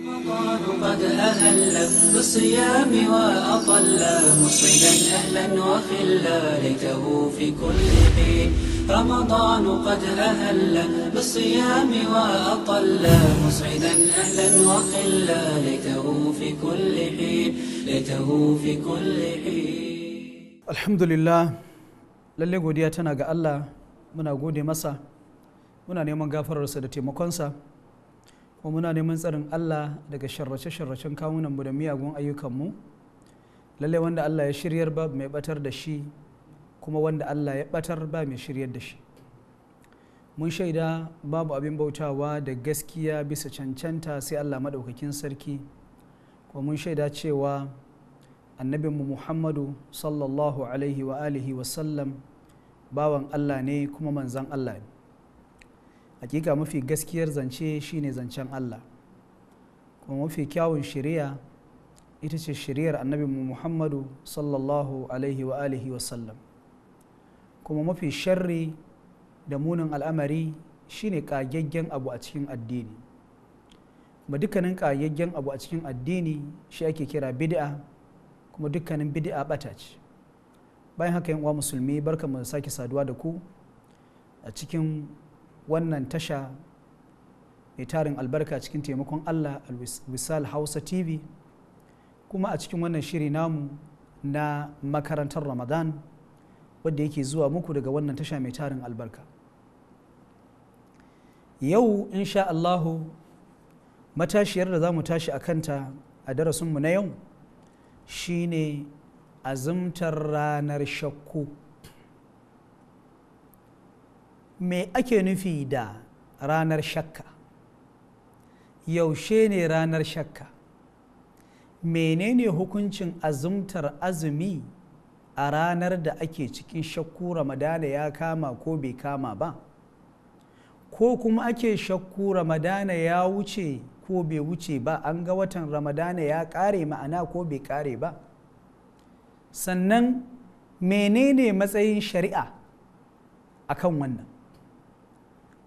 رمضان قد أهل بالصيام وأطل مصيلا أهلا وخلا ليته في كل حين رمضان قد أهل بالصيام وأطل مصعدا أهلا وخلا ليته في كل حين ليته في كل حين الحمد لله lalle godiya tana ga Allah muna gode masa muna neman gafararsa da taimakonsa wa muna neman tsarin Allah daga sharrace-sharracen mu da miyagun ayyukanmu lalle wanda Allah ya shiryar ba mai batar da shi kuma wanda Allah ya batar ba mai shiryar da shi mun shaida babu abin bautawa da gaskiya bisa cancanta sai Allah maɗaukakin sarki kuma mun shaida cewa annabinmu Muhammadu sallallahu alaihi wa alihi bawan Allah ne kuma manzan Allah ne hakika mafi gaskiyar zance shine zancen Allah kuma mafi kyawun shari'a ita ce shari'ar annabi muhammadu sallallahu alaihi wa alihi sallam kuma mafi sharri da munin al'amari shine kagaggen abu a cikin addini kuma dukkanin kagaggen abu a cikin addini shi ake kira bid'a kuma dukkanin bid'a bata ce bayan haka yin uwa musulmi barka mu sake saduwa da ku a cikin wannan tasha mai tarin albarka cikin taimakon allah alwisal hausa tv kuma a cikin wannan shiri namu na makarantar ramadan wadda yake zuwa muku daga wannan tasha mai tarin albarka yau insha allahu matashiyar da za mu tashi a kanta a darasinmu na yau shine azumtar ranar shakku me ake nufi da ranar shakka yaushe ne ranar shakka menene hukuncin azumtar azumi a ranar da ake cikin shakku ramadana ya kama ko bai kama ba ko kuma ake shakku ramadana ya wuce ko bai wuce ba an ga watan ramadana ya kare ma'ana ko bai kare ba sannan menene matsayin shari'a akan wannan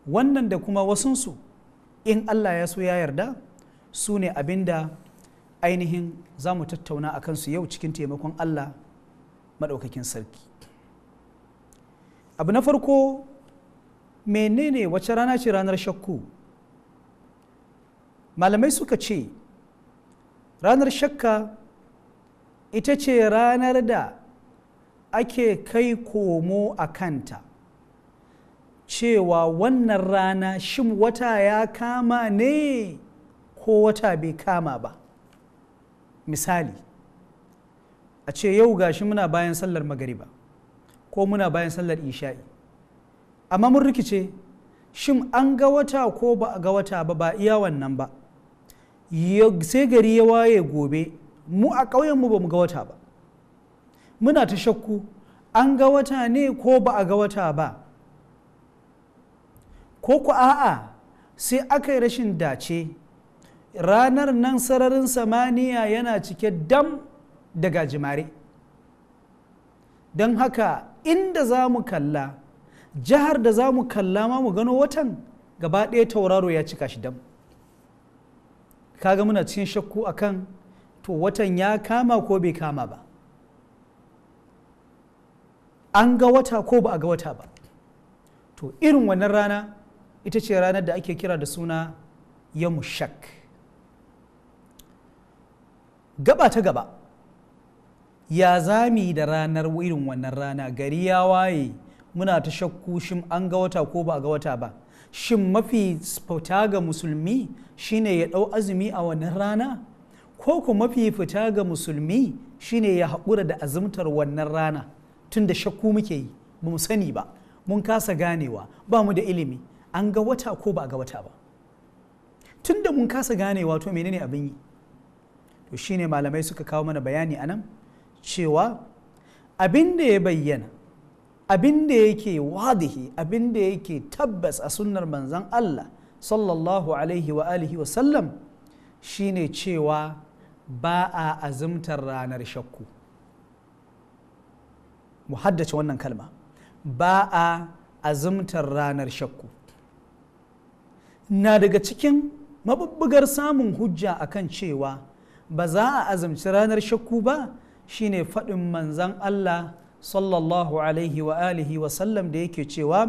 wannan da kuma wasunsu in allah ya so ya yarda su ne abin da ainihin za mu tattauna a kansu yau cikin taimakon allah maɗaukakin sarki abu na farko menene wace rana ce ranar shakku malamai suka ce ranar shakka ita ce ranar da ake kai komo a kanta cewa wannan rana shin wata ya kama ne ko wata bai kama ba misali a ce yau gashi muna bayan sallar magariba ko muna bayan sallar isha'i amma mun rikice shin an ga wata ko ba a ga wata ba ba iya wannan ba sai gari ya waye gobe mu a ƙauyenmu ba mu ga wata ba muna ta shakku an ga wata ne ko ba a ga wata ba ko ku a'a sai aka yi rashin dace ranar nan sararin samaniya yana cike dam da gajimare don haka inda za mu kalla jihar da za mu kalla ma mu gano watan gaba ɗaya tauraro ya cika shi dam kaga muna cikin shakku akan to watan ya kama ko bai kama ba an ga wata ko ba a ga wata ba to irin wannan rana ita ce ranar da ake kira da suna yamushak gaba ta gaba ya zami da ranar irin wannan rana gari ya waye muna ta shakku shin an ga wata ko ba ga wata ba shin mafi fita ga musulmi shine ya ɗau azumi a wannan rana ko ku mafi fita ga musulmi shine ya haƙura da azumtar wannan rana tunda shakku muke yi ba sani ba mun kasa ganewa ba mu da ilimi an ga wata ko ba a ga wata ba tun da mun kasa gane wato menene abin yi to shine malamai suka kawo mana bayani anan cewa abin da ya bayyana abin da yake wadihi abin da yake tabbas a sunnar manzan Allah sallallahu alaihi wa alihi wa sallam shine cewa ba a azumtar ranar shakku mu haddace wannan kalma ba a azumtar ranar shakku na daga cikin mabubbugar samun hujja akan cewa ba za a azumci ranar shakku ba shine faɗin manzan Allah sallallahu alaihi wa alihi wa sallam da yake cewa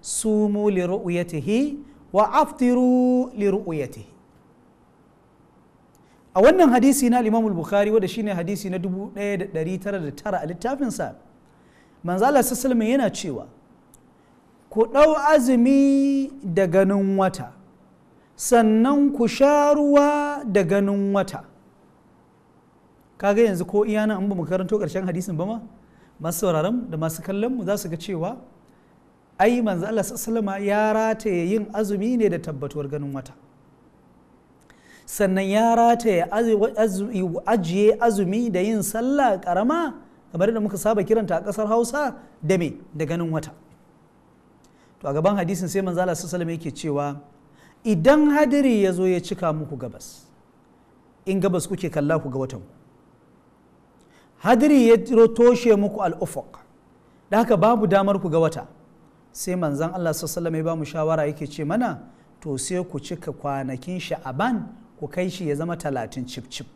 sumu li ru'yatihi wa aftiru li ru'yatihi a wannan hadisi na Imam Bukhari wanda shine hadisi na 1909 a littafinsa manzo Allah sallallahu yana cewa ku ɗau azumi da ganin wata sannan ku sha ruwa da ganin wata kaga yanzu ko iyana an ba mu karanto karshen hadisin ba ma masu sauraron da masu kallon mu za su ga cewa ai manzo Allah ya rataye yin azumi ne da tabbatuwar ganin wata sannan ya rataye ajiye azumi da yin sallah karama kamar da muka saba kiranta a kasar hausa da me da ganin wata to a gaban hadisin sai manzo Allah sallama yake cewa idan hadiri ya zo ya cika muku gabas in gabas kuke kalla ku ga watan hadiri ya toshe muku al'ufuk da haka babu damar ku ga wata sai manzan Allah sallallahu ya ba mu shawara yake ce mana to sai ku cika kwanakin sha'aban ku kai shi ya zama talatin cip cip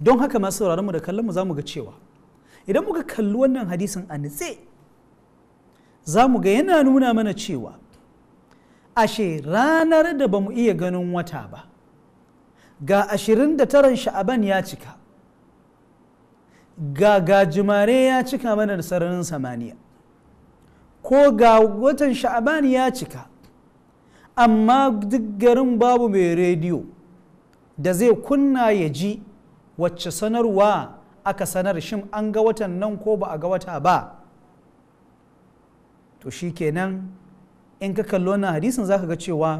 don haka masu sauraron mu da kallon mu za mu ga cewa idan muka kalli wannan hadisin a nitse za mu ga yana nuna mana cewa ashe ranar da ba mu iya ganin wata ba ga ashirin da taron sha'aban ya cika ga gajimare ya cika mana da sararin samaniya ko ga watan sha'aban ya cika amma duk garin babu mai rediyo da zai kunna ya ji wacce sanarwa aka sanar shin an ga watan nan ko ba a ga wata ba to shi kenan in ka kalli wannan hadisin za ka ga cewa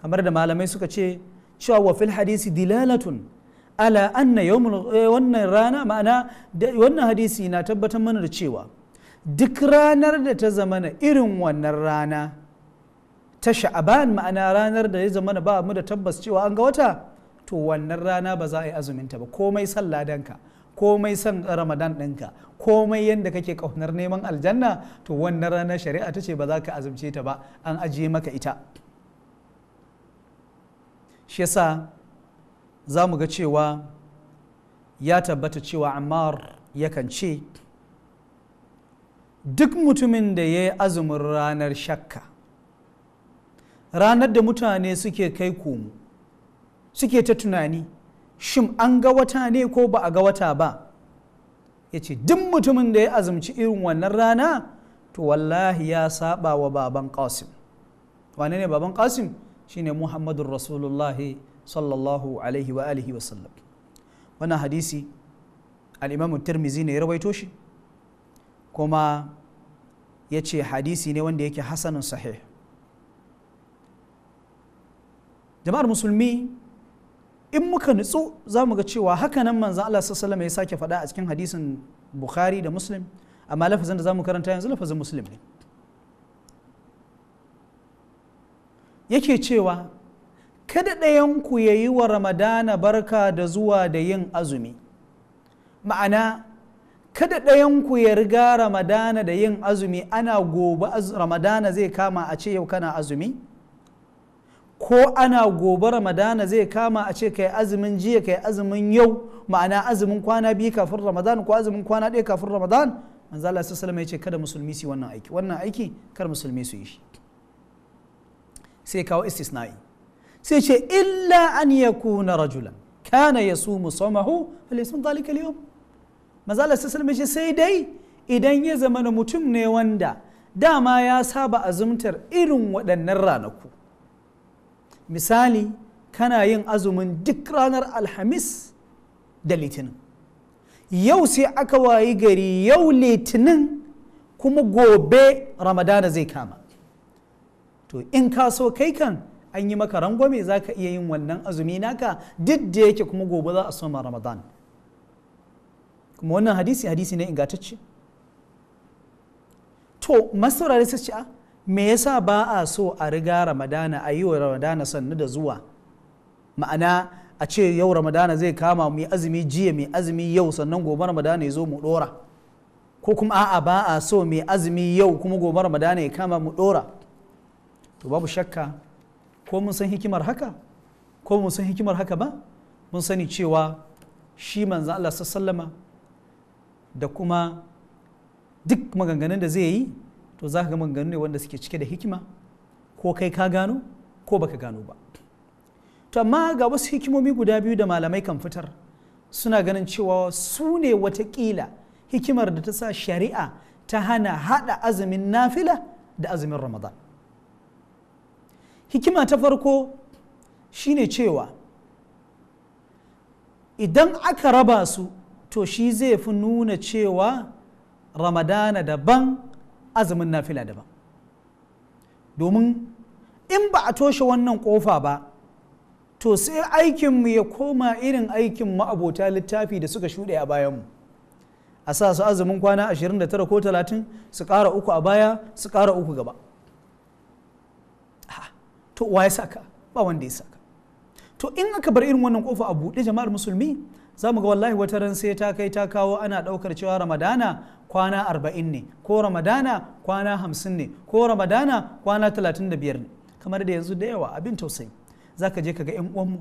kamar da malamai suka ce cewa wa fil hadisi dilalatun ala anna yawmul eh, wannan rana ma'ana wannan hadisi na tabbatar mana da cewa duk ranar da ta zamana irin wannan rana ta sha'aban ma'ana ranar da ya zamana ba mu da tabbas cewa an ga wata to wannan rana ba za a yi azuminta ba komai salladanka komai son ramadan ɗinka komai yadda kake ƙaunar neman aljanna to wannan ranar shari'a ta ce ba za ka azumce ta ba an ajiye maka ita shi yasa za mu ga cewa ya tabbata cewa ammar yakan ce duk mutumin da ya yi azumin ranar shakka ranar da mutane suke kai komo suke ta tunani shin an ga wata ne ko ba a ga wata ba ya ce duk mutumin da ya azumci irin wannan rana to wallahi ya saba wa baban qasim wane ne baban qasim shine muhammadun rasulullah sallallahu alaihi wa alihi wasallam wannan hadisi al'imamu tirmizi ne ya rawaito shi kuma ya ce hadisi ne wanda yake hasanin sahih jama'ar musulmi in muka nutsu za mu ga cewa hakanan manzan Allah sallallahu ya sake faɗa a cikin hadisin Bukhari da Muslim amma lafazin da za mu karanta yanzu lafazin Muslim ne yake cewa kada ɗayanku ya yi wa ramadana barka da zuwa da yin azumi ma'ana kada ɗayan ku ya riga ramadana da yin azumi ana gobe ramadana zai kama a ce yau kana azumi ko ana gobe ramadana zai kama a ce kai azumin jiya kai azumin yau ma'ana azumin kwana biyu kafin ramadan ko azumin kwana ɗaya kafin ramadan manzo Allah sallallahu alaihi wasallam ya ce kada musulmi su wannan aiki wannan aiki kar musulmi su yi shi sai kawo istisna'i sai ce illa an yakuna rajulan kana yasumu sawmahu falyasum dhalika al-yawm manzo Allah sallallahu alaihi wasallam ya ce sai dai idan ya zama mutum ne wanda dama ya saba azumtar irin waɗannan ranaku misali kana yin azumin duk ranar alhamis da litinin yau sai aka wayi gari yau litinin kuma gobe ramadana zai kama to in ka so kai kan an yi maka rangwame za ka iya yin wannan azumi naka duk da yake kuma gobe za a soma ramadan kuma wannan hadisi hadisi ne ingantacce to masaurari su ce a ah, me yasa ba a so a riga ramadana a yi wa ramadana sannu da zuwa ma'ana a ce yau ramadana zai kama mu azumi jiya mai azumi yau sannan gobe ramadana ya zo mu dora ko kuma a'a ba a so mai azumi yau kuma gobe ramadana ya kama mu dora to babu shakka ko mun san hikimar haka ko mun san hikimar haka ba mun sani cewa shi manzan Allah sallama da kuma duk maganganun da zai yi to za ka ga maganganu ne wanda suke cike da hikima ko kai ka gano ko baka gano ba to amma ga wasu hikimomi guda biyu da malamai kan fitar suna ganin cewa su ne watakila hikimar da ta sa shari'a ta hana haɗa azumin nafila da azumin ramadan hikima ta farko shine cewa idan aka raba su to shi zai fi nuna cewa ramadana daban azumin nafila daban domin in ba a toshe wannan kofa ba to sai aikinmu ya koma irin aikin ma'abota littafi da suka shuɗe a bayanmu a sa su azumin kwana 29 ko 30 su ƙara uku a baya su ƙara uku gaba to wa ya saka ba wanda ya saka to in aka bar irin wannan kofa a buɗe jama'ar musulmi za mu ga wallahi wata ran sai ta kai ta kawo ana ɗaukar cewa ramadana kwana arba'in ne ko ramadana kwana hamsin ne ko ramadana kwana talatin da biyar ne kamar da yanzu da yawa abin tausayi za ka je ka ga 'yan uwanmu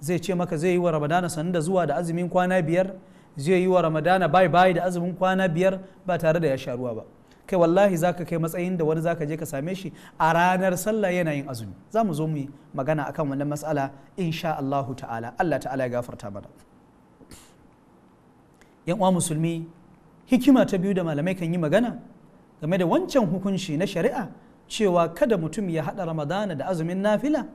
zai ce maka zai yi wa ramadana sannan da zuwa da azumin kwana biyar zai yi wa ramadana bai bai da azumin kwana biyar ba tare da ya sha ruwa ba kai wallahi za ka kai matsayin da wani za ka je ka same shi a ranar sallah yana yin azumi za mu zo mu yi magana akan wannan matsala insha Allahu ta'ala Allah ta'ala ya gafarta mana yan uwa musulmi hikima ta biyu da malamai kan yi magana game da wancan hukunci na shari'a cewa kada mutum ya haɗa ramadana da azumin nafila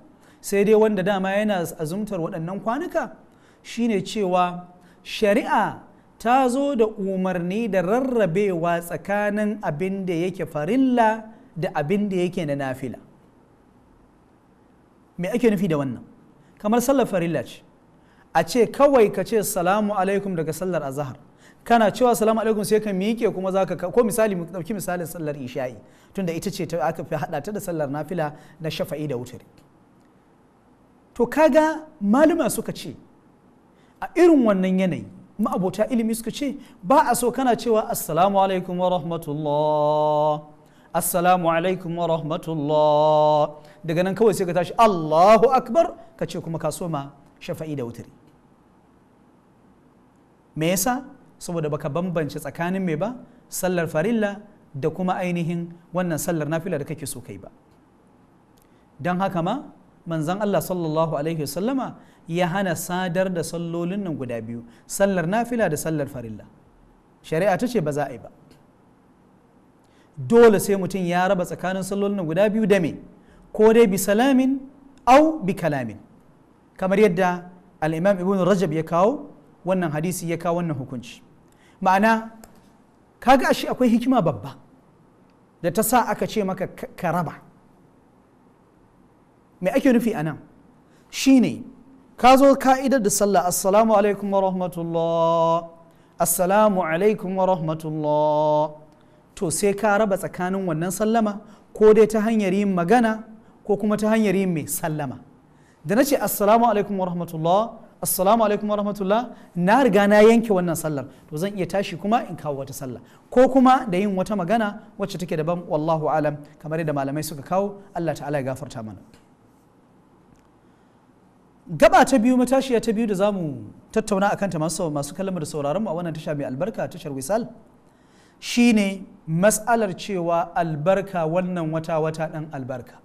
sai dai wanda dama yana azumtar waɗannan kwanuka shine cewa shari'a ta zo da umarni da rarrabewa tsakanin abin da yake farilla da abin da yake na nafila me ake nufi da wannan kamar sallar farilla ce a ce kawai ka ce salamu alaikum daga sallar azahar kana cewa salamu alaikum sai ka miƙe kuma za ka ko misali mu ɗauki misalin sallar isha'i tunda ita ce ta aka fi haɗa ta da sallar nafila na shafa'i da wuturi to kaga malama suka ce a irin wannan yanayi ma'abota ilimi suka ce ba a so kana cewa assalamu alaikum wa rahmatullah assalamu alaikum wa rahmatullah daga nan kawai sai ka tashi allahu akbar ka ce kuma ka soma shafa'i da wuturi me yasa saboda baka bambance tsakanin mai ba sallar farilla da kuma ainihin wannan sallar nafila da kake so kai ba don haka ma manzan Allah sallallahu alaihi wasallama ya hana sadar da sallolin nan guda biyu sallar nafila da sallar farilla shari'a ta ce ba za a yi ba dole sai mutum ya raba tsakanin sallolin nan guda biyu da me ko dai bi salamin au bi kalamin kamar yadda al-imam ibn rajab ya kawo wannan hadisi ya kawo wannan hukunci ma'ana kaga shi akwai hikima babba da ta sa aka ce maka ka raba me ake nufi a nan shine ka zo ka'idar da sallah assalamu alaikum wa rahmatullah assalamu alaikum wa rahmatullah to sai ka raba tsakanin wannan sallama ko dai ta hanyar yin magana ko kuma ta hanyar yin mai sallama da na ce assalamu alaikum wa rahmatullah assalamu alaikum warahmatullah na riga na yanke wannan sallar to zan iya tashi kuma in kawo wata sallah ko kuma da yin wata magana wacce take daban wallahu alam kamar yadda malamai suka kawo Allah ta'ala ya gafarta mana gaba ta biyu matashiya ta biyu da zamu tattauna akan ta masu masu kallon da sauraron mu a wannan tasha mai albarka tashar wisal shine mas'alar cewa albarka wannan wata wata dan albarka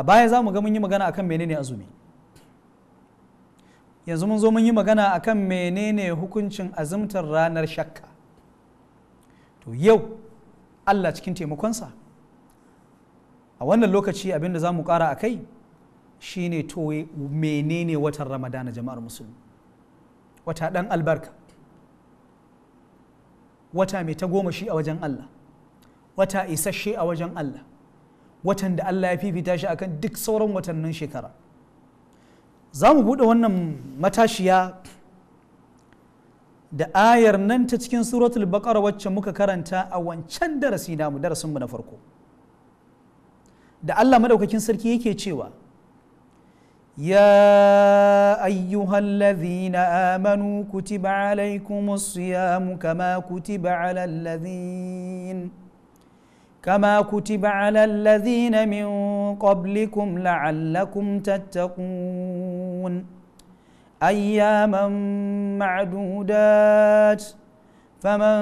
a baya za mu ga mun yi magana akan menene azumi yanzu mun zo mun yi magana a akan menene hukuncin azumtar ranar shakka to yau allah cikin taimakonsa a wannan lokaci abinda za mu kara a kai shine to menene watan ramadana jama'ar musulmi wata dan albarka wata mai ta goma shi a wajen allah wata isasshe a wajen allah watan da allah ya fifita shi akan duk sauran watannin shekara za mu buɗe wannan matashiya da ayar nan ta cikin suratul baqara wacce muka karanta a wancan darasi namu darasinmu na farko da Allah madaukakin sarki yake cewa ya ayyuhallazina amanu kutiba alaikumus siyamu kama kutiba alal ladzina كما كتب على الذين من قبلكم لعلكم تتقون تشاءون اياما معدودات فمن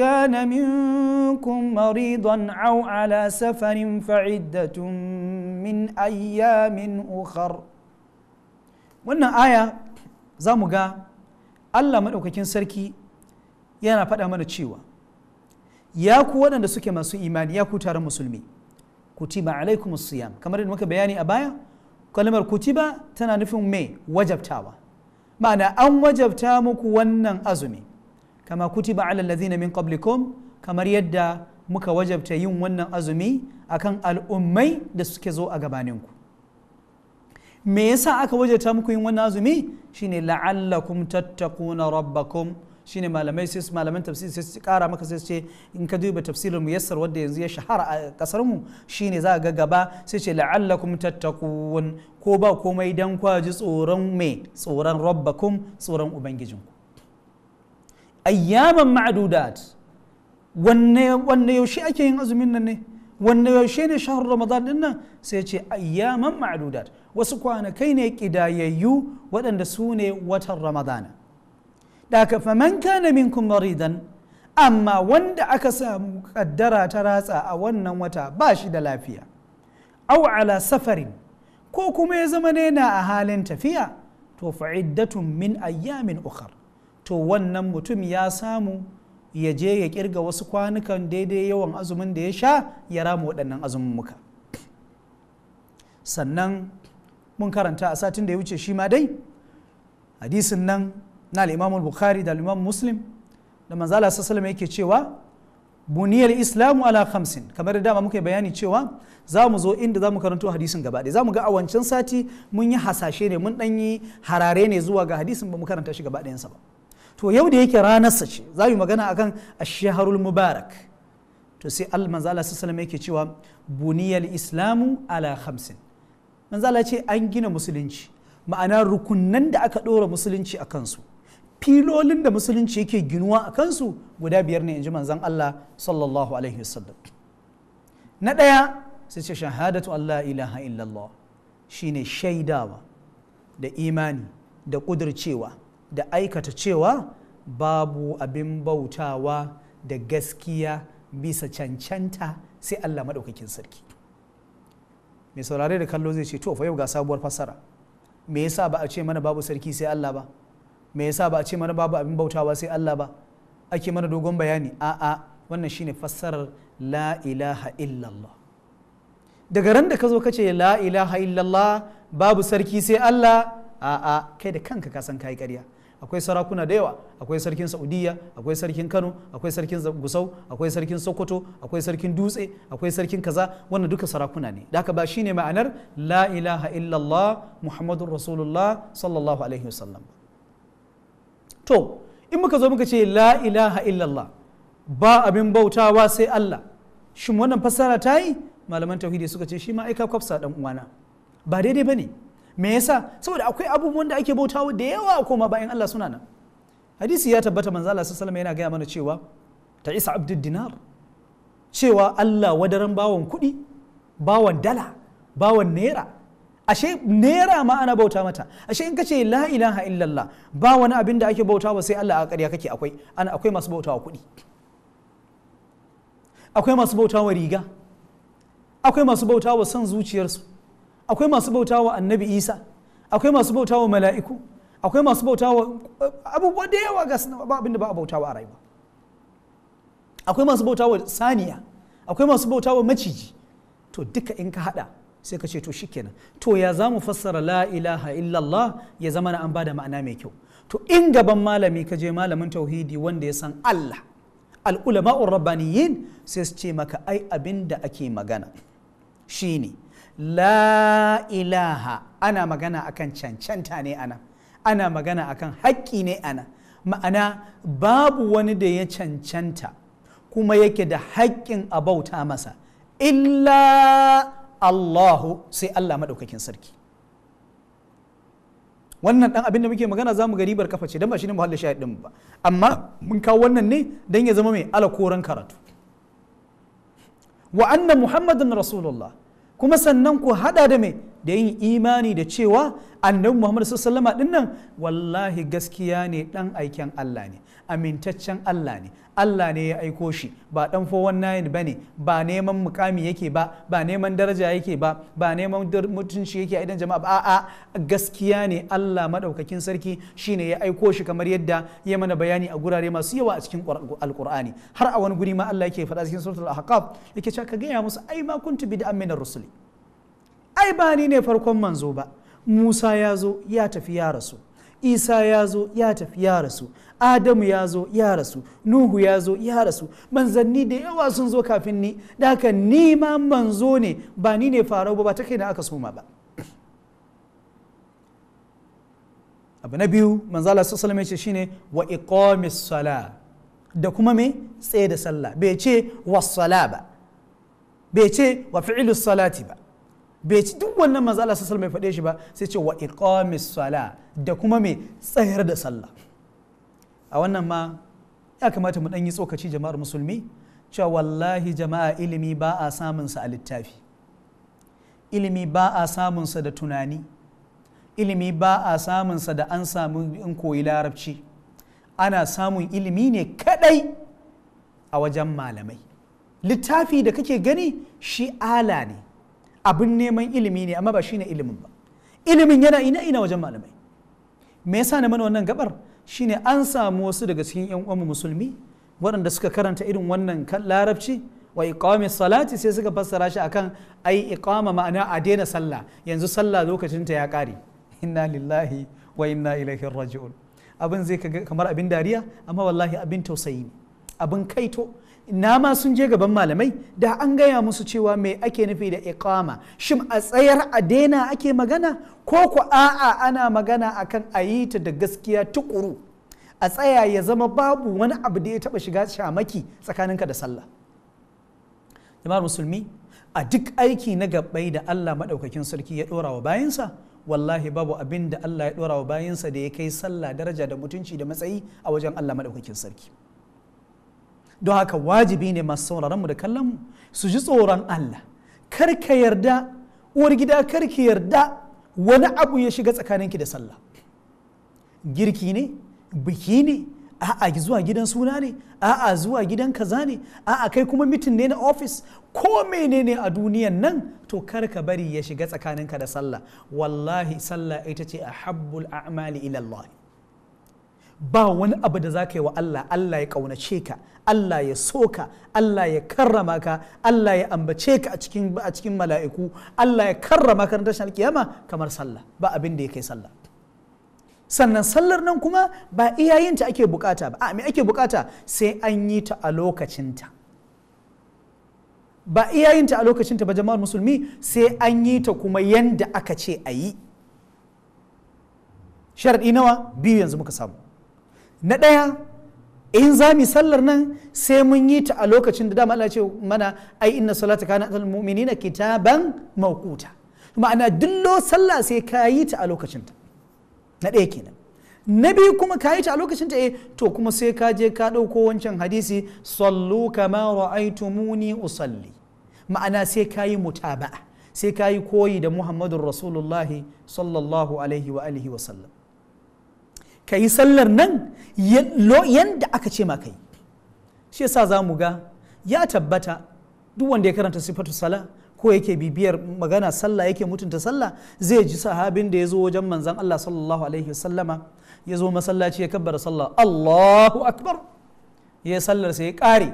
كان منكم مريضا او على سفر فعده من ايام اخر wannan aya za mu ga allah maɗaukakin sarki yana faɗa mana cewa ya ku waɗanda suke masu imani ya ku taron musulmi kutiba alaikum siyam kamar yadda muka bayani a baya kalmar kutiba tana nufin me wajabtawa ma'ana an wajabta muku wannan azumi kama kutiba ala allazina min qablikum kamar yadda muka wajabta yin wannan azumi akan al'ummai da suke zo a gabaninku me yasa aka wajabta muku yin wannan azumi shine la'allakum tattaquna rabbakum shine malamai sai malaman tafsiri sai su kara maka sai su ce in ka duba tafsirin muyassar wanda yanzu ya shahara a kasar mu shine za ga gaba sai ce la'allakum tattaqun ko ba komai dan kwaji tsoron me tsoron rabbakum tsoron ubangijinku ayyaman ma'dudat wanne wanne yaushe ake yin azumin nan ne wanne yaushe ne shahar ramadan din nan sai ce ayyaman ma'dudat wasu kwanakai ne kidayayyu waɗanda su ne watan ramadana daga faman kana minkum maridan amma wanda aka samu kaddara ta ratsa a wannan wata ba shi da lafiya au ala safarin ko kuma ya zama yana a halin tafiya to fa'iddatun min ayyamin ukar to wannan mutum ya samu ya je ya kirga wasu kwanukan daidai yawan azumin da ya sha ya rama waɗannan azumin muka sannan mun karanta a satin da ya wuce shi ma dai hadisin nan na al-imam al-bukhari da al-imam muslim da manzala Allah yake cewa buniyar islamu ala khamsin kamar da dama muka bayani cewa za mu zo inda za mu karanto hadisin gaba ɗaya za mu ga a wancan sati mun yi hasashe ne mun ɗan yi harare ne zuwa ga hadisin ba mu karanta shi gaba ɗayansa ba to yau da yake ranarsa ce za mu magana akan ashaharul mubarak to sai al manzo Allah yake cewa buniyar islamu ala hamsin manzala ce an gina musulunci ma'ana rukunnan da aka ɗora musulunci a kansu filolin da musulunci yake ginuwa a kansu guda biyar ne in ji manzan Allah sallallahu alaihi wasallam na ɗaya sai ce shahadatu Allah ilaha illallah shine shaidawa da imani da ƙudurcewa da aikata cewa babu abin bautawa da gaskiya bisa cancanta sai Allah maɗaukakin sarki mai saurare da kallo zai ce to fa yau ga sabuwar fassara me yasa ba a ce mana babu sarki sai Allah ba me yasa ba a ce mana babu abin bautawa sai Allah ba ake mana dogon bayani a'a wannan shine fassarar la ilaha illallah daga ran da ka zo kace la ilaha illallah babu sarki sai Allah a'a kai da kanka ka san kai ƙarya akwai sarakuna da yawa akwai sarkin saudiya akwai sarkin kano akwai sarkin gusau akwai sarkin sokoto akwai sarkin dutse akwai sarkin kaza wannan duka sarakuna ne da haka ba shine ma'anar la ilaha illallah muhammadun rasulullah sallallahu alaihi wasallam to in muka zo muka ce la ilaha illallah ba abin bautawa sai Allah shin wannan fassara ta yi malaman tauhidi suka ce shi ma aika kwafsa dan uwana ba daidai bane me yasa saboda akwai abubuwan da ake bautawa da yawa koma bayan Allah suna nan hadisi ya tabbata manzo Allah sallallahu yana gaya mana cewa ta isa abdul dinar cewa Allah wadaran bawon kuɗi bawon dala bawon naira ashe naira ma ana bauta mata ashe in kace la ilaha illallah ba wani abin da ake bauta ba sai Allah a ƙarya kake akwai ana akwai masu bautawa kuɗi akwai masu bautawa riga akwai masu bautawa son zuciyarsu akwai masu bautawa annabi isa akwai masu bautawa mala'iku akwai masu bautawa eh, abubuwa da yawa ga ba abin da ba a bautawa a rayuwa akwai masu bautawa saniya akwai masu bautawa maciji to duka in ka hada sai ka ce to shikenan to ya za mu fassara la ilaha illallah ya zama na an bada ma'ana mai kyau to in gaban malami ka je malamin tauhidi wanda ya san Allah al'ulama'ur rabbaniyin sai su ce maka ai abin da ake magana shine la ilaha ana magana akan cancanta ne ana ana magana akan haƙƙi ne ana ma'ana babu wani da ya cancanta kuma yake da haƙƙin a bauta masa illa Allahu sai Allah maɗaukakin sarki wannan dan abin da muke magana mu ga ribar kafa ce don ba shine muhallin shahid din ba amma mun kawo wannan ne dan ya zama mai alakoran karatu wa annan muhammadan rasulullah kuma sannan ku hada da mai da yin imani da cewa annabi muhammad sallama din nan wallahi gaskiya ne dan aiken Allah ne amintaccen Allah ne Allah ne ya aiko shi ba dan fowan bane ba neman mukami yake ba ba neman daraja yake ba ba neman mutunci yake a idan jama'a ba a'a gaskiya ne Allah madaukakin sarki shine ya aiko shi kamar yadda ya mana bayani a gurare masu yawa a cikin alqur'ani har a wani guri ma Allah yake faɗa cikin suratul ahqaf yake cewa ka gaya musu ai ma kuntu bid'an minar rusuli ai ba ni ne farkon manzo ba Musa ya zo ya tafi ya rasu isa ya zo ya tafi ya rasu adamu ya zo ya rasu nuhu ya zo ya rasu manzanni da yawa sun zo kafin ni da ni ma manzo ne ba ni ne farau ba ta kai na aka soma ba abu na biyu manzala su salama ce shine wa iqamis sala da kuma me tsaye da sallah bai ce wa sala ba bai ce wa fi'ilus salati ba bai ci duk wannan manzo Allah sallallahu alaihi faɗe shi ba sai ce wa iqamis sala da kuma mai tsayar da sallah a wannan ma ya kamata mu dan yi tsokaci jama'ar musulmi cewa wallahi jama'a ilimi ba a samun sa a littafi ilimi ba a samun sa da tunani ilimi ba a samun sa da an samu in koyi larabci ana samun ilimi ne kadai a wajen malamai littafi da kake gani shi ala ne abin neman ilimi ne amma ba shine ilimin ba ilimin yana ina ina wajen malamai me yasa na mana wannan gabar shine an samu wasu daga cikin yan uwan musulmi waɗanda suka karanta irin wannan larabci wa iqami salati sai suka fassara shi akan ai iqama ma'ana a daina sallah yanzu sallah lokacin ta ya kare inna lillahi wa inna ilaihi raji'un abin zai kamar abin dariya amma wallahi abin tausayi abin kaito na ma sun je gaban malamai da an gaya musu cewa me ake nufi da iqama shin a tsayar a daina ake magana ko ku a'a ana magana akan a yi ta da gaskiya tukuru a tsaya ya zama babu wani abu da ya taba shiga shamaki tsakanin ka da sallah jama'ar musulmi a duk aiki na gabbai da Allah maɗaukakin sarki ya dora wa bayansa wallahi babu abin da Allah ya dora wa bayansa da ya kai sallah daraja da mutunci da matsayi a wajen Allah madaukakin sarki don haka wajibi ne masu sauraron mu da kallon mu su ji tsoron Allah kar ka yarda uwar gida kar ki yarda wani abu ya shiga tsakanin ki da sallah girki ne biki ne a'a zuwa gidan suna ne a'a zuwa gidan kaza ne a'a kai kuma mitin ne na ofis ko menene a duniyan nan to kar ka bari ya shiga tsakaninka da sallah wallahi sallah ita ce a habbul a'mali ila Allah ba wani abu da za ka yi wa Allah Allah ya ƙaunace ka Allah ya so ka Allah ya karrama ka Allah ya ambace ka a cikin cikin mala'iku Allah ya karrama ka tashin alkiyama kamar sallah ba abin da ya kai sallah sannan sallar nan kuma ba iyayenta ake bukata ba a me ake bukata sai an yi ta a lokacinta ba iyayenta a lokacinta ba jama'ar musulmi sai an yi ta kuma yanda aka ce a yi sharaɗi nawa biyu yanzu muka samu na ɗaya in za mu sallar nan sai mun yi ta a lokacin da dama Allah ce mana ai inna salata kana al mu'minina kitaban mawquta ma'ana dillo sallah sai ka yi ta a lokacin ta na ɗaya kenan na biyu kuma ka yi ta a lokacin ta eh to kuma sai ka je ka ɗauko wancan hadisi sallu kama raaitumuni usalli ma'ana sai ka yi mutaba'a sai ka yi koyi da muhammadun rasulullahi sallallahu alaihi wa alihi wa sallam ka yi sallar nan yadda aka ce ma kai shi yasa za mu ga ya tabbata duk wanda ya karanta sifatu sala ko yake bibiyar magana sallah yake mutunta sallah zai ji sahabin da ya zo wajen manzan Allah sallallahu alaihi wasallama ya zo masallaci ya kabbara sallah Allahu akbar ya sallar sai ya kare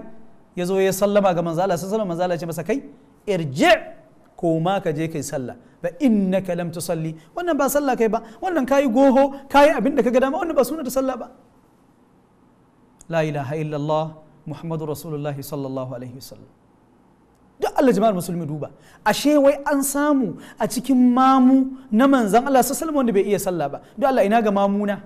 ya zo ya sallama ga manzan Allah sallallahu alaihi wasallama manzan Allah ya ce masa kai irji' koma ka je kai sallah ba innaka lam tusalli wannan ba sallah kai ba wannan kayi goho kayi abin da kaga dama wannan ba sunanta sallah ba la ilaha illallah muhammadu rasulullahi sallallahu alaihi wasallam duk Allah jama'ar musulmi duba ashe wai an samu a cikin mamu na manzan Allah su wanda bai iya sallah ba duk Allah ina ga mamuna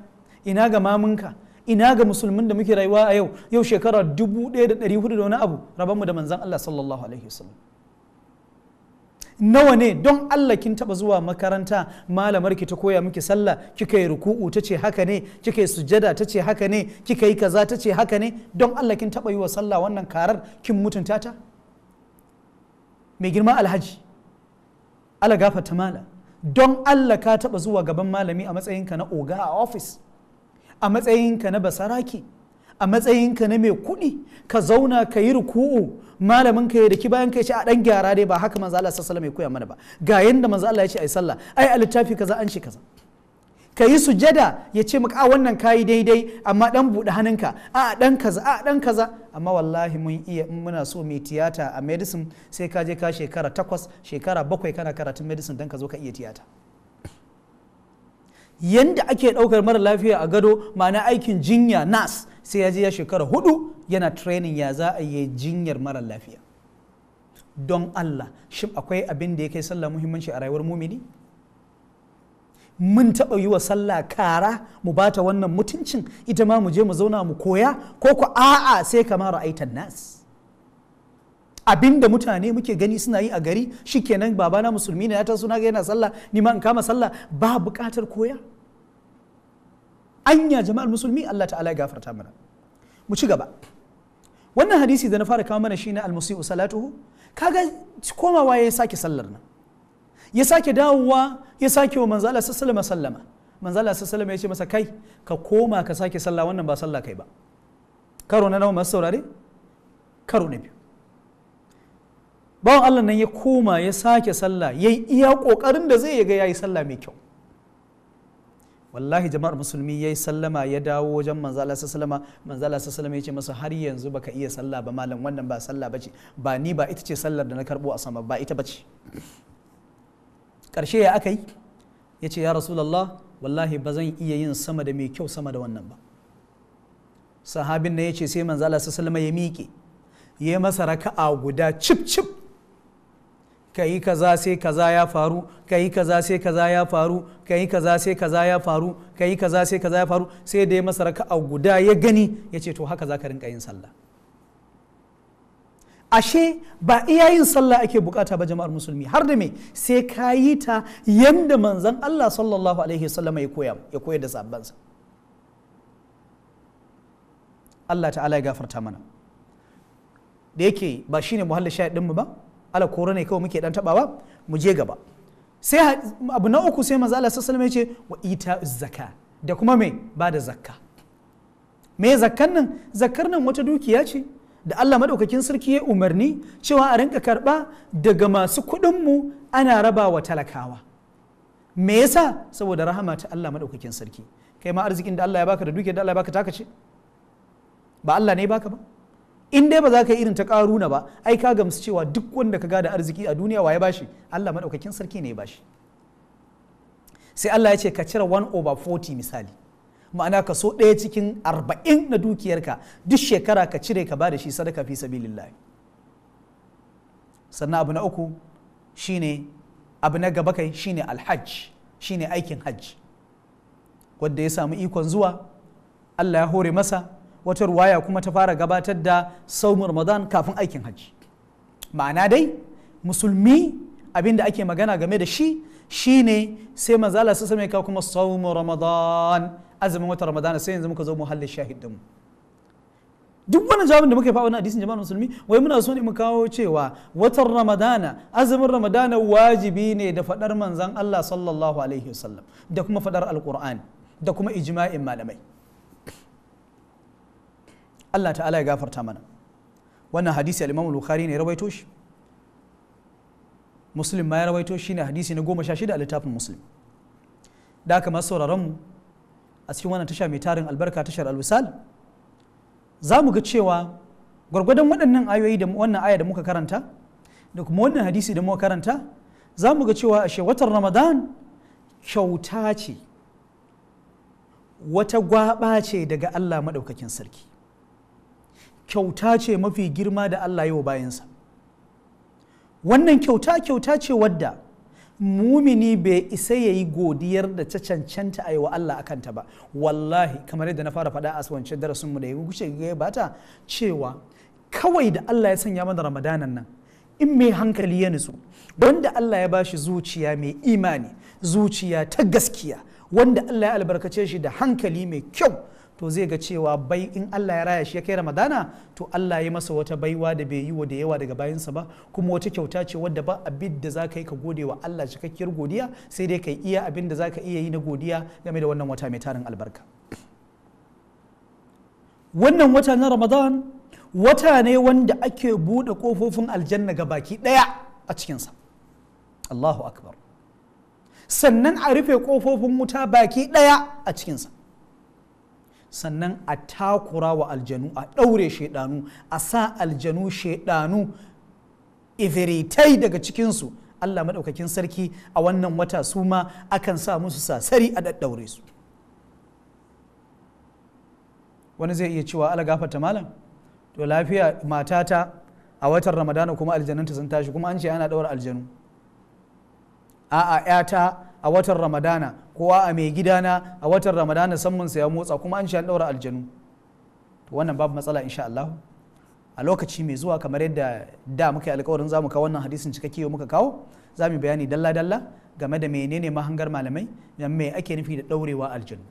ina ga mamunka ina ga musulmin da muke rayuwa a yau yau shekara dubu ɗaya da ɗari hudu da wani abu rabanmu da manzan Allah sallallahu alaihi wasallam nawa ne don Allah kin taba zuwa makaranta malamar ki ta koya miki sallah kika yi ruku'u ta ce haka ne kika yi sujada ta ce haka ne kika yi kaza ta ce haka ne don Allah kin taba yi wa sallah wannan karar kin mutunta ta mai girma alhaji ala gafarta mala don Allah ka taba zuwa gaban malami a matsayinka na oga a office a matsayinka na basaraki a matsayinka na mai kuɗi ka zauna ka yi ruku'u malamin ka ya daki bayan ka ce a dan gyara dai ba haka manzo Allah sallallahu alaihi koya mana ba ga yanda manzo Allah ya ce ai sallah ai a littafi kaza an ce kaza ka yi sujada ya ce maka a wannan kayi daidai amma dan buɗe hannunka a dan kaza a dan kaza amma wallahi mun iya in muna so mai tiyata a medicine sai ka je ka shekara takwas shekara bakwai kana karatun medicine dan ka zo ka iya tiyata yanda ake ɗaukar mara lafiya a gado ma'ana aikin jinya nas sai ya je ya shekara hudu yana training ya za a yi jinyar mara lafiya don Allah shin akwai abin da ya kai sallah muhimmanci a rayuwar mumini mun taɓa yi wa sallah kara mu bata wannan mutuncin ita ma mu je mu zauna mu koya ko ku a'a sai kama ra'aitan nas abin da mutane muke gani suna yi a gari shikenan babana musulmi ne ya taso na ga yana sallah ni ma in kama sallah ba buƙatar koya anya jama'al musulmi Allah ta'ala ya gafarta mana mu ci gaba wannan hadisi da na fara kawo mana shine almusi'u salatuhu kaga komawa ya sake sallar nan ya sake dawowa ya sake wa manzala sallama sallama manzala sallama ya ce masa kai ka koma ka sake sallah wannan ba sallah kai ba karo na nawa masu saurare karo na biyu bawan Allah nan ya koma ya sake sallah ya yi iya kokarin da zai ga ya yi sallah mai kyau wallahi jama'ar musulmi yi sallama ya dawo wajen manzala sallama manzala sallama ya ce masa har yanzu baka iya sallah ba malam wannan ba sallah bace ba ni ba ita ce sallar da na karbo a sama ba ita bace karshe ya yi ya ce ya rasulallah wallahi ba zan iya yin sama da mai kyau sama da wannan ba sahabin na ya ce sai manzala sallama ya miƙe ya masa raka'a guda cip cip ka yi kaza sai kaza ya faru ka yi kaza sai kaza ya faru ka yi kaza sai kaza ya faru ka yi kaza sai kaza ya faru sai da ya masa a guda ya gani ya ce to haka za ka rinka yin sallah ashe ba iya yin sallah ake bukata ba jama'ar musulmi har da me sai ka yi ta yanda manzon Allah sallallahu alaihi wasallam ya koya ya koyar da sabbansa Allah ta'ala ya gafarta mana da yake ba shine muhallin shahid mu ba ala kora ne kawai muke dan tabawa mu je gaba sai abu na uku sai manzo Allah sallallahu alaihi wasallam ya ce wa ita zakka da kuma me ba da zakka me zakkan nan zakkar nan wata dukiya ce da Allah madaukakin sarki ya umarni cewa a rinka karba daga masu kuɗin mu ana raba wa talakawa me yasa saboda rahama ta Allah madaukakin sarki kai ma arzikin da Allah ya baka da dukiyar da Allah ya baka taka ce ba Allah ne ya baka ba in dai ba za ka yi irin ta karu na ba ai ka gamsu cewa duk wanda ka gada arziki a duniya waye bashi Allah madaukakin sarki ne ya bashi sai Allah ya ce ka cire 1 over 40 misali ma'ana ka so ɗaya cikin 40 na dukiyarka duk shekara ka cire ka bada shi sadaka fi sabilillah sannan abu na uku shine abu na gaba kai shine alhajj shine aikin hajj wanda ya samu ikon zuwa Allah ya hore masa wata ruwaya kuma ta fara gabatar da saumin ramadan kafin aikin hajji ma'ana dai musulmi abin da ake magana game da shi shine sai manzala su same ka kuma saumin ramadan azumin wata ramadan sai yanzu muka zo muhallin shahidinmu duk wani jawabin da muka yi faɗa hadisin jama'ar musulmi wai muna so ne mu kawo cewa watan ramadana azumin ramadana wajibi ne da faɗar manzan Allah sallallahu alaihi wasallam da kuma faɗar alkur'ani da kuma ijma'in malamai Allah ta'ala ya gafarta mana wannan hadisi al-Imam Bukhari ne rawaito shi Muslim ma ya rawaito shi ne hadisi na goma sha shida a littafin Muslim da haka masu sauraron mu a cikin wannan tasha mai tarin albarka tashar al-Wisal za mu ga cewa gwargwadon waɗannan ayoyi da wannan aya da muka karanta da kuma wannan hadisi da muka karanta za mu ga cewa ashe watan Ramadan kyauta ce wata gwaba ce daga Allah maɗaukakin sarki kyauta ce mafi girma da Allah yi wa bayansa wannan kyauta kyauta ce wadda mumini bai isa ya yi godiyar da ta cancanta a yi wa Allah a kanta ba wallahi kamar yadda na fara faɗa a wancan darasinmu da ya wuce ya bata cewa kawai da Allah ya sanya mana ramadanan nan in mai hankali ya nutsu wanda Allah ya bashi zuciya mai imani zuciya ta gaskiya wanda Allah ya albarkace shi da hankali mai kyau to zai ga cewa bai in Allah ya raya shi ya kai ramadana to Allah ya masa wata baiwa da bai yi wa da yawa daga bayansa ba kuma wata kyauta ce wadda ba abin da za ka yi ka gode wa Allah cikakkiyar godiya sai dai ka iya abin da za ka iya yi na godiya game da wannan wata mai tarin albarka wannan wata na ramadan wata ne wanda ake buɗe ƙofofin aljanna ga baki ɗaya a cikinsa Allahu akbar sannan a rufe ƙofofin wuta baki ɗaya a cikinsa sannan a takura wa aljanu a ɗaure shaidanu a sa aljanu shaidanu iviritai daga cikinsu Allah maɗaukakin sarki a wannan wata su ma akan sa musu sasari a ɗaɗɗaure su wani zai iya cewa ala gafata malam to lafiya matata a watan ramadana kuma aljanunta sun tashi kuma an ce ana ɗaura aljanu a'a 'yata a watan ramadana kowa a mai gidana a watan ramadana sa ya motsa kuma an sha an daura aljanu to wannan babu matsala insha Allah a lokaci mai zuwa kamar yadda da muka yi alkawarin zamu kawo wannan hadisin cikakke muka kawo za mu bayani dalla dalla game da menene mahangar malamai da me ake nufi da daurewa aljanu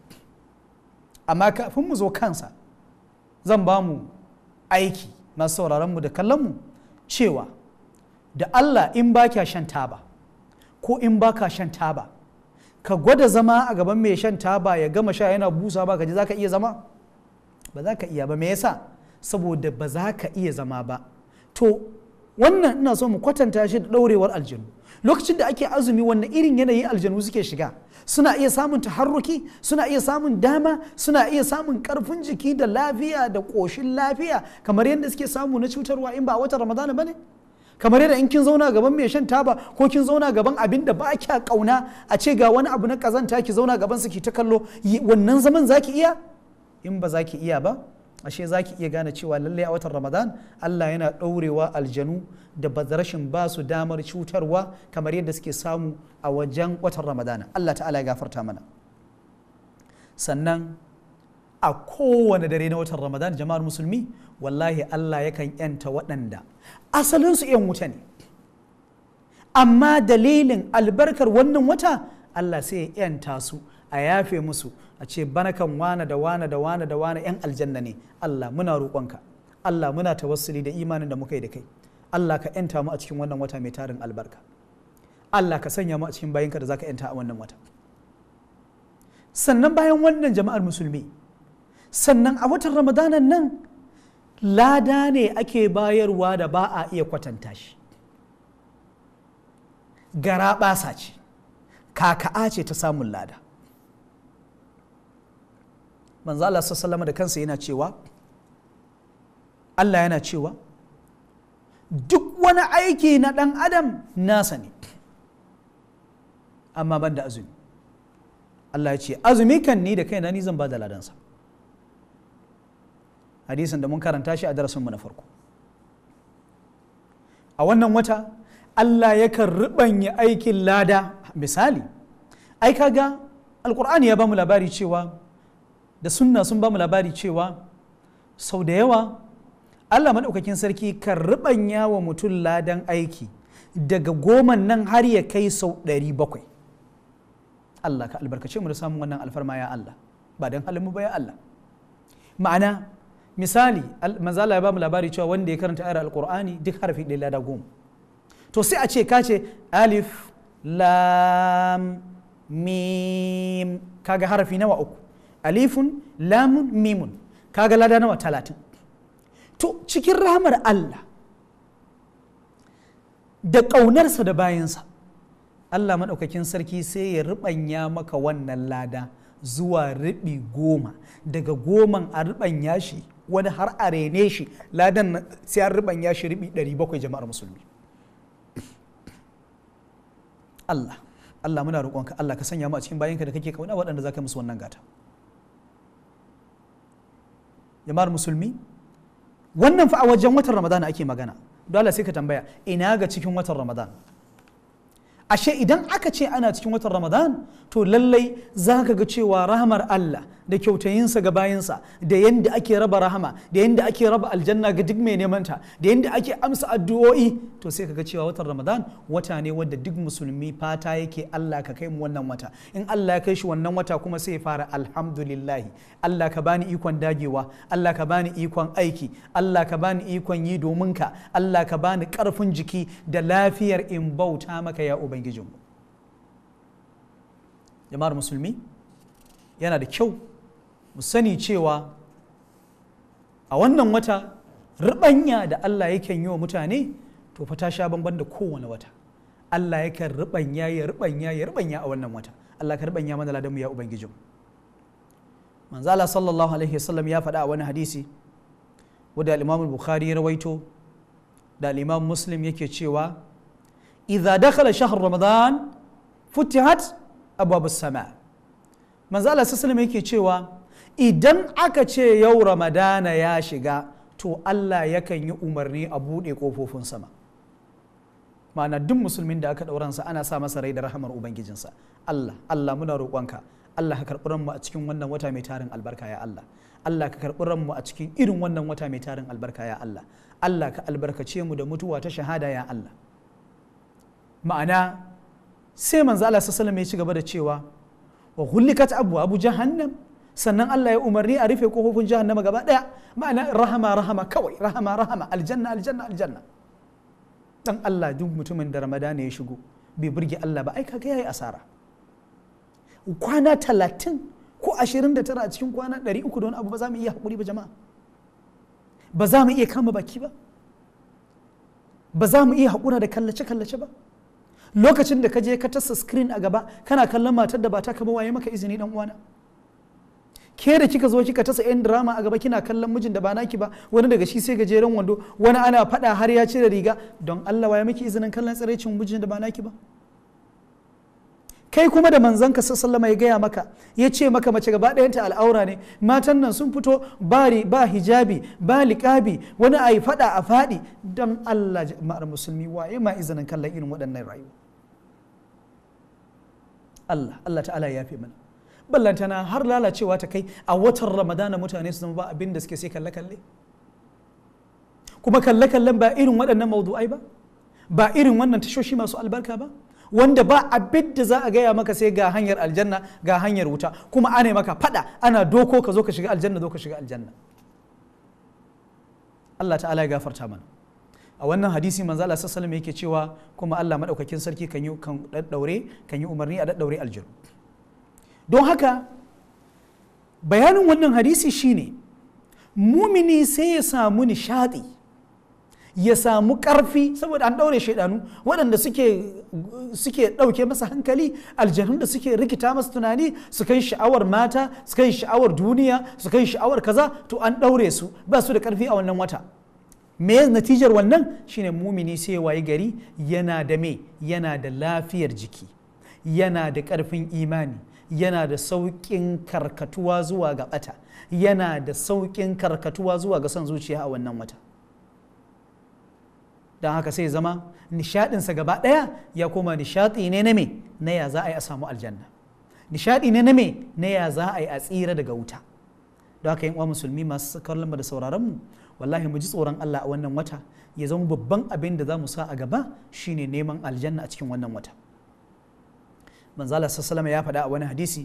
amma kafin mu zo kansa zan ba mu aiki masu sauraron mu da kallon mu cewa da Allah in ba shan taba ko in baka shan taba ka gwada zama a gaban mai shan taba ya gama sha yana busa ba ka ji za ka iya zama ba za ka iya ba me yasa saboda ba za ka iya zama ba to wannan ina so mu kwatanta shi da ɗaurewar aljanu lokacin da ake azumi wannan irin yanayin aljanu suke shiga suna iya samun taharruki suna iya samun dama suna iya samun karfin jiki da lafiya da ƙoshin lafiya kamar yadda suke samu na cutarwa in ba a watan ramadana ba ne kamar yadda in kin zauna gaban mai shan taba ko kin zauna gaban abin da ba kya kauna a ce ga wani abu na kazanta ki zauna gaban su ki ta kallo wannan zaman zaki iya in ba zaki iya ba ashe zaki iya gane cewa lallai a watan ramadan allah yana ɗaurewa aljanu da rashin ba su damar cutarwa kamar yadda suke samu a wajen watan ramadana allah ta'ala ya gafarta mana sannan a kowane dare na watan ramadan jama'ar musulmi wallahi allah yakan yanta waɗanda asalinsu yan wuta ne amma dalilin albarkar wannan wata allah sai ya yanta su a yafe musu a ce bana kan wana da wana da wana da wana yan aljanna ne allah muna roƙonka allah muna tawassuli da imanin da muka yi da kai allah ka yanta mu a cikin wannan wata mai tarin albarka allah ka sanya mu a cikin bayinka da zaka yanta a wannan wata sannan bayan wannan jama'ar musulmi sannan a watan ramadanan nan lada ne ake bayarwa da ba a iya kwatanta shi gara basa ce kaka'a ce ta samun lada manzo Allah sallama da kansa yana cewa Allah yana cewa duk wani aiki na ɗan adam nasa ne amma ban da azumi Allah ya ce azumi kan ni da kaina ni zan ba da ladansa hadisin da mun karanta shi a darasin mu na farko a wannan wata Allah yakan riɓanya aikin lada misali ai kaga alkur'ani ya bamu labari cewa da sunna sun bamu labari cewa sau da yawa Allah maɗaukakin sarki kan riɓanya wa mutum ladan aiki daga goma nan har ya kai sau ɗari bakwai Allah ka albarkace mu da samun wannan alfarma ya Allah ba don halin mu ba ya Allah ma'ana misali manzala ya ba labari cewa wanda ya karanta ayar alkur'ani duk harfi ɗaya lada goma to sai a ce ka ce alif lam mim kaga harafi nawa uku alifun lamun mimun kaga lada nawa talatin to cikin rahamar allah da ƙaunarsa da bayansa allah maɗaukakin sarki sai ya riɓanya maka wannan lada zuwa riɓi goma daga goman a ruɓanya shi wani har a rene shi ladan sai an ribanya shi ribi 700 jama'ar musulmi Allah Allah muna roƙonka Allah ka sanya mu a cikin bayanka da kake kauna waɗanda zaka musu wannan gata jama'ar musulmi wannan fa a wajen watan ramadana ake magana dole sai ka tambaya ina ga cikin watan ramadan ashe idan aka ce ana cikin watan ramadan to lallai za ka ga cewa rahmar allah da kyautayinsa ga bayansa da yadda ake raba rahama da yadda ake raba aljanna ga duk mai neman ta da yadda ake amsa addu'o'i to sai kaga cewa watan ramadan wata ne wadda duk musulmi fata yake Allah ka kai mu wannan wata in Allah ya kai shi wannan wata kuma sai ya fara alhamdulillah Allah ka bani ikon dagewa Allah ka bani ikon aiki Allah ka bani ikon yi domin ka Allah ka bani karfin jiki da lafiyar in bauta maka ya ubangijinmu jama'ar musulmi yana da kyau mu sani cewa a wannan wata riɓanya da Allah yakan yi wa mutane to fa ta sha bamban da kowane wata Allah yakan riɓanya ya riɓanya ya riɓanya a wannan wata Allah ka riɓanya mana ladanmu ya ubangijin manzala sallallahu alaihi wasallam ya faɗa a wani hadisi wanda al-Imam Bukhari ya rawaito da al-Imam Muslim yake cewa idza dakhala shahr ramadan futihat abwabus sama manzala sallallahu alaihi wasallam yake cewa idan aka ce yau ramadana ya shiga to allah yakan yi umarni a buɗe ƙofofin sama ma'ana duk musulmin da aka ɗauransa ana sa masa rai da rahamar ubangijinsa allah allah muna roƙonka allah ka karɓi ranmu a cikin wannan wata mai tarin albarka ya allah allah ka karɓi ranmu a cikin irin wannan wata mai tarin albarka ya allah allah ka albarkace mu da mutuwa ta shahada ya allah ma'ana sai manzo allah sallallahu alaihi wasallam ya ci gaba da cewa wa hulikat abu abu jahannam sannan Allah ya umarni a rufe kofofin jahannama gaba daya ma'ana rahama rahama kawai rahama rahama aljanna aljanna aljanna dan Allah duk mutumin da ramadana ya shigo bai burge Allah ba ai kaga yayi asara kwana talatin ko ashirin da tara a cikin kwana ɗari uku abu ba za mu iya haƙuri ba jama'a ba za mu iya kama baki ba ba za mu iya hakura da kallace kallace ba lokacin da ka je ka tasa screen a gaba kana kallon matar da ba ta kaba waye maka izini dan uwana ke da kika zo kika tasa yan drama a gaba kina kallon mijin da ba naki ba wani daga shi sai gajeren wando wani ana faɗa har ya cire riga don Allah waye miki izinin kallon tsiraicin mijin da ba naki ba kai kuma da ka sallama ya gaya maka ya ce maka mace gaba ɗayanta al'aura ne matan nan sun fito ba ba hijabi ba liƙabi wani a yi faɗa a faɗi don Allah ma'ar musulmi waye ma izinin kallon irin waɗannan rayuwa Allah Allah ta'ala ya fi mana ballantana har lalacewa ta kai a watan ramadana mutane su zama ba abin da suke sai kalle-kalle kuma kalle-kallen ba irin waɗannan maudu'ai ba ba irin wannan tashoshi masu albarka ba wanda ba abin da za a gaya maka sai ga hanyar aljanna ga hanyar wuta kuma ana maka faɗa ana doko ka zo ka shiga aljanna zo ka shiga aljanna Allah ta'ala ya gafarta mana a wannan hadisi manzo Allah sallallahu alaihi yake cewa kuma Allah madaukakin sarki kan yi kan daddaure kan yi umarni a daddaure aljanna don haka bayanin wannan hadisi shine mumini sai ya samu nishadi ya samu karfi saboda an daure shaidanu waɗanda suke ɗauke masa hankali aljanun da suke rikita masa tunani su kai sha'awar mata su kai sha'awar duniya su kai sha'awar kaza to an daure su ba su da karfi a wannan wata me natijar wannan shine mumini sai waye gari yana da me yana da lafiyar jiki yana da ƙarfin imani yana da sauƙin karkatuwa zuwa ga ɓata yana da sauƙin karkatuwa zuwa ga son zuciya a wannan wata don haka sai zama nishadinsa gaba ɗaya ya koma nishadi ne na me na ya za a yi a samu aljanna nishadi ne na me na ya za a yi a tsira daga wuta don haka yin uwa musulmi masu kallon da sauraron mu wallahi mu ji tsoron Allah a wannan wata ya zama babban abin da za mu sa a gaba shine neman aljanna a cikin wannan wata manzala sallama ya faɗa a wani hadisi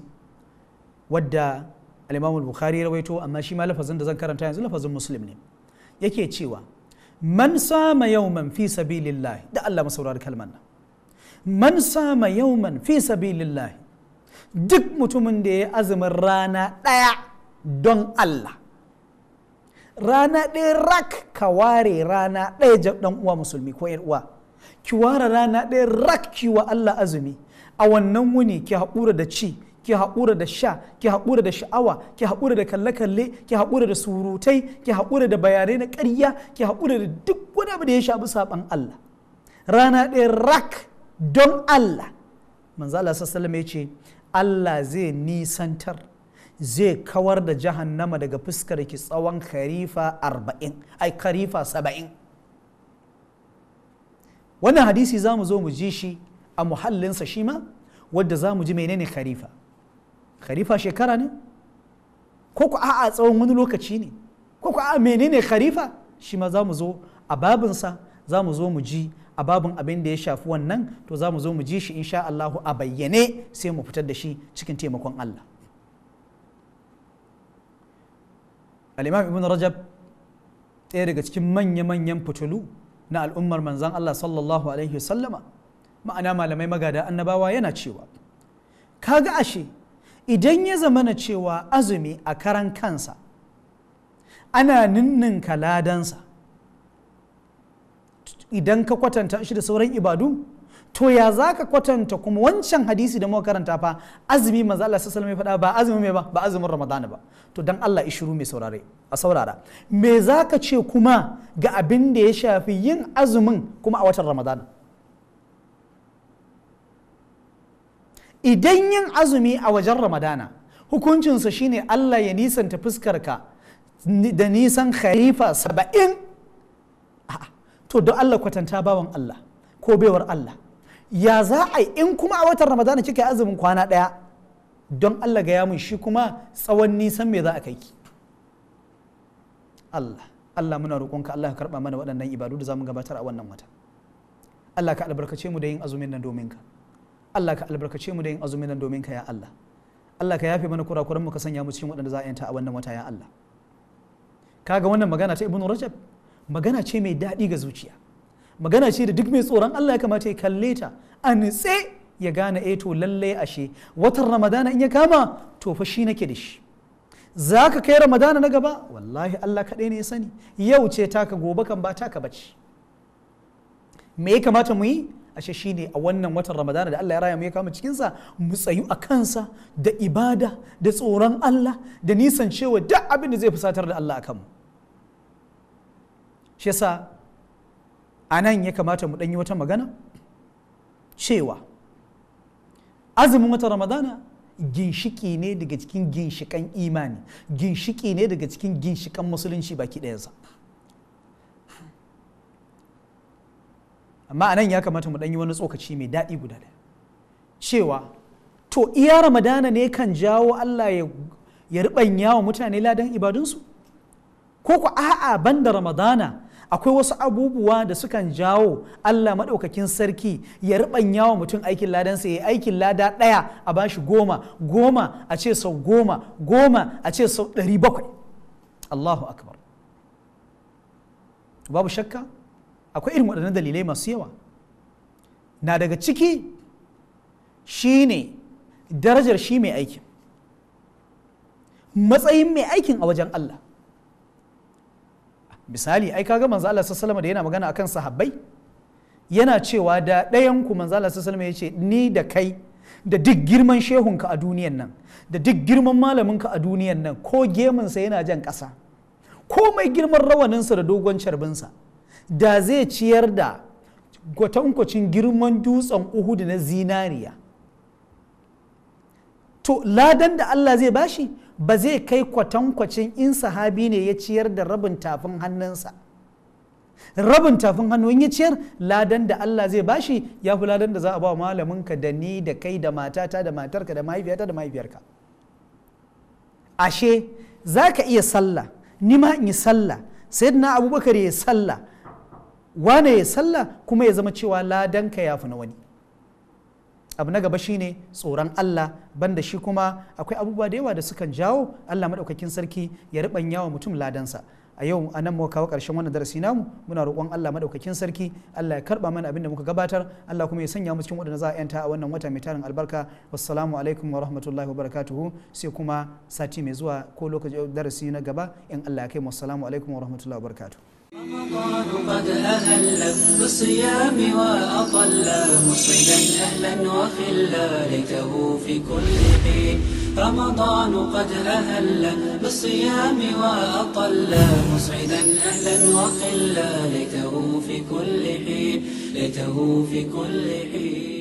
wadda al-imamul bukhari rawaito amma shi ma lafazin da zan karanta yanzu lafazin muslim ne yake cewa man sama yawman fi sabilillah da Allah masaurar kalmar nan man sama yawman fi sabilillah duk mutumin da ya azumin rana ɗaya don Allah rana ɗaya rak ka ware rana ɗaya dan uwa musulmi ko uwa ki ware rana ɗaya rak ki wa Allah azumi a wannan wuni ki haƙura da ci ki haƙura da sha ki haƙura da sha'awa ki haƙura da kalle-kalle ki haƙura da surutai ki haƙura da bayanai na ƙarya ki haƙura da duk wani abu da ya shafi saɓan Allah rana ɗaya rak don Allah manzo Allah sallallahu ya ce Allah zai nisantar zai kawar da jahannama daga fuskar ki tsawon karifa arba'in ai karifa saba'in wannan hadisi za mu zo mu ji shi a muhallinsa shi ma wadda za mu ji menene kharifa kharifa shekara ne ko ku a'a tsawon wani lokaci ne ko ku a'a menene kharifa shi ma za mu zo a babinsa za mu zo mu ji a babin abin da ya shafi wannan to za mu zo mu ji shi insha Allahu a bayyane sai mu fitar da shi cikin taimakon Allah al-imam ibn rajab ɗaya daga cikin manya-manyan fitulu na al'ummar manzan Allah sallallahu alaihi wasallama ma'ana malamai magada annabawa yana cewa kaga ashe idan ya zama na cewa azumi a karan kansa ana ninninka ladansa idan ka kwatanta shi da sauran ibadu to ya za ka kwatanta kuma wancan hadisi da muka karanta fa azumi manzo Allah sallallahu alaihi faɗa ba azumi mai ba ba azumin Ramadan ba to dan Allah shiru mai saurare a saurara me za ka ce kuma ga abin da ya shafi yin azumin kuma a watan ramadana. idan yin azumi a wajen ramadana hukuncinsa shine allah ya nisanta fuskarka da nisan khalifa saba'in to don allah kwatanta bawan allah ko baiwar allah ya za a in kuma a watan ramadana kika yi azumin kwana ɗaya don allah gaya mun shi kuma tsawon nisan me za a kai ki allah allah muna roƙonka allah ka karɓa mana waɗannan ibadu da za mu gabatar a wannan wata allah ka albarkace mu da yin azumin nan domin ka Allah ka albarkace mu da yin azumin nan domin ka ya Allah Allah ka yafe mana kurakuran mu ka sanya mu cikin waɗanda za a yanta a wannan wata ya Allah kaga wannan magana ta ibnu rajab magana ce mai daɗi ga zuciya magana ce da duk mai tsoron Allah ya kamata ya kalle ta a nitse ya gane eh to lallai ashe watan ramadana in ya kama to fa shi nake da shi za ka kai ramadana na gaba wallahi Allah kaɗai ne ya sani yau ce taka gobe kan ba taka bace me ya kamata mu yi ashe shine a wannan watan ramadana da Allah ya raya mu ya kama cikinsa mu tsayu a kansa da ibada da tsoron Allah da nisan cewa duk abin da zai fusatar da Allah a kanmu. shi yasa a nan ya kamata mu yi wata magana cewa azumin watan ramadana ginshiki ne daga cikin ginshikan imani ginshiki ne daga cikin ginshikan musulunci baki ɗayansa. amma anan ya kamata mu yi wani tsokaci mai daɗi guda ɗaya cewa to iya ramadana ne kan jawo allah ya riɓanya wa mutane ladan ibadunsu ko ku a'a banda ramadana akwai wasu abubuwa da sukan jawo allah maɗaukakin sarki ya riɓanya wa mutum aikin ladansa ya aikin lada ɗaya a bashi goma goma a ce sau goma goma a ce sau ɗari bakwai allahu akbar babu shakka akwai irin waɗannan dalilai masu yawa na daga ciki shine darajar shi mai aikin matsayin mai aikin a wajen Allah misali ai kaga manzo Allah sallallahu da yana magana akan sahabbai yana cewa da ɗayan ku manzo Allah sallallahu ya ce ni da kai da duk girman shehunka a duniyan nan da duk girman ka a duniyan nan ko sa yana jan ƙasa ko mai girman rawaninsa da dogon carbinsa da zai ciyar da kwatankwacin girman dutsen uhudu na zinariya to ladan da Allah zai bashi ba zai kai kwatankwacin in sahabi ne ya ciyar da rabin tafin hannunsa rabin tafin hannu ya ciyar ladan da Allah zai bashi ya fi ladan da za a ba malaminka da ni da kai da matata da matarka da mahaifiyata da mahaifiyarka ashe za ka iya sallah ni ma in yi sallah na abubakar ya sallah wane ya sallah kuma ya zama cewa ladanka ya fi na wani abu na gaba shine tsoron Allah banda shi kuma akwai abubuwa da yawa da sukan jawo Allah madaukakin sarki ya riɓanya wa mutum ladansa a yau a nan muka kawo ƙarshen wannan darasi namu muna roƙon Allah madaukakin sarki Allah ya karba mana abin da muka gabatar Allah kuma ya sanya mu cikin waɗanda za a yanta a wannan wata mai tarin albarka wassalamu alaikum wa rahmatullahi wa barakatuhu sai kuma sati mai zuwa ko lokacin darasi na gaba in Allah ya kai mu assalamu alaikum wa rahmatullahi wa barakatuhu رمضان قد أهل بالصيام وأطل مسعدا أهلا وخلا ليته في كل حين رمضان قد أهل بالصيام وأطل مصعدا أهلا وخلا ليته في كل حين ليته في كل حين